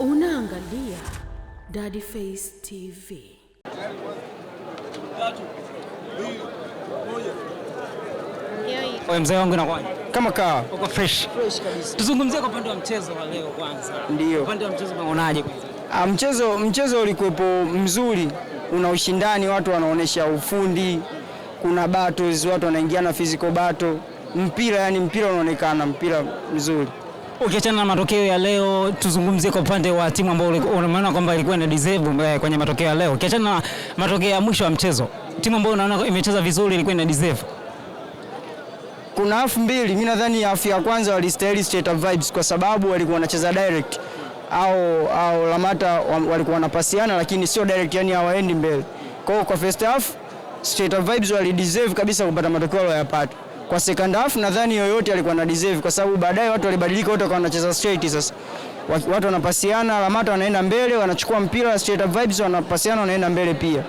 Unaangalia Daddy Face TV. Mzee wangu inakuwaje? Kama kaa. Uko fresh. Fresh kabisa. Tuzungumzie kwa upande wa mchezo wa leo kwanza. Ndio. Upande wa mchezo unaonaje kwanza? Ah, mchezo mchezo ulikuwepo mzuri, una ushindani, watu wanaonesha ufundi, kuna battles, watu wanaingiana physical battle mpira, yani mpira unaonekana mpira mzuri. Ukiachana okay, na matokeo ya leo, tuzungumzie kwa upande wa timu ambayo unaona kwamba ilikuwa na deserve eh, kwenye matokeo ya leo. Ukiachana na matokeo ya mwisho ya mchezo, timu ambayo unaona imecheza vizuri ilikuwa na deserve. Kuna hafu mbili, mimi nadhani hafu ya kwanza walistahili State Vibes kwa sababu walikuwa wanacheza direct au, au Lamata walikuwa wanapasiana lakini sio direct, yani hawaendi mbele. Kwa hiyo kwa first half State Vibes walideserve kabisa kupata matokeo waliyopata. Kwa second half nadhani yoyote alikuwa na deserve, kwa sababu baadaye watu walibadilika, wote wakawa wanacheza straight. Sasa watu wanapasiana, Lamata wanaenda mbele, wanachukua mpira straight up vibes, wanapasiana, wanaenda mbele pia.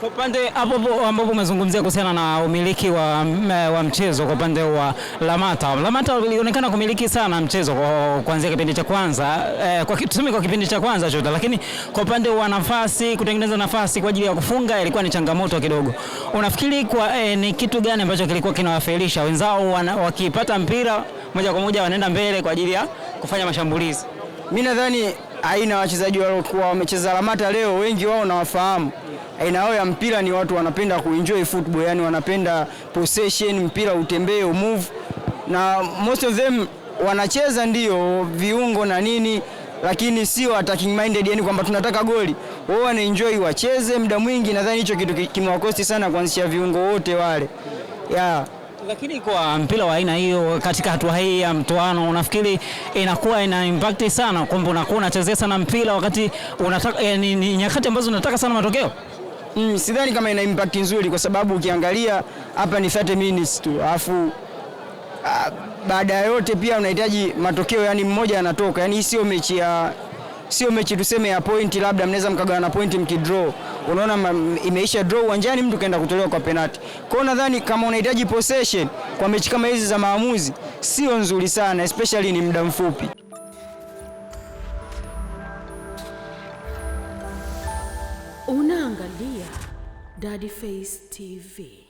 Kwa upande hapo ambapo umezungumzia kuhusiana na umiliki wa, eh, wa mchezo kwa upande wa Lamata. Lamata ilionekana kumiliki sana mchezo kuanzia kipindi cha kwanza eh, kwa tuseme kwa kipindi cha kwanza chota, lakini kwa upande wa nafasi, kutengeneza nafasi kwa ajili ya kufunga ilikuwa ni changamoto kidogo. Unafikiri kwa eh, ni kitu gani ambacho kilikuwa kinawafailisha wenzao? Wakipata mpira moja kwa moja wanaenda mbele kwa ajili ya kufanya mashambulizi. Mimi nadhani aina ya wachezaji waliokuwa wamecheza Lamata leo, wengi wao nawafahamu. Aina yao ya mpira ni watu wanapenda kuenjoy football, yani wanapenda possession, mpira utembee, move, na most of them wanacheza ndio viungo na nini, lakini sio attacking minded, yani kwamba tunataka goli. Wao enjoy wacheze muda mwingi. Nadhani hicho kitu kimewakosti sana kuanzisha viungo wote wale, yeah. Lakini kwa mpira wa aina hiyo katika hatua hii ya mtoano, unafikiri inakuwa ina impact sana kwamba unakuwa unachezea sana mpira wakati unataka eh, ni, ni nyakati ambazo unataka sana matokeo? Mm, sidhani kama ina impact nzuri kwa sababu ukiangalia hapa ni 30 minutes tu alafu ah, baada ya yote pia unahitaji matokeo, yani mmoja anatoka, yani hii sio mechi ya sio mechi tuseme ya point, labda mnaweza mkagawa na pointi mkidraw, unaona imeisha draw uwanjani, mtu kaenda kutolewa kwa penalti. Kwa hiyo nadhani kama unahitaji possession kwa mechi kama hizi za maamuzi, sio nzuri sana, especially ni muda mfupi. Unaangalia Daddy Face TV.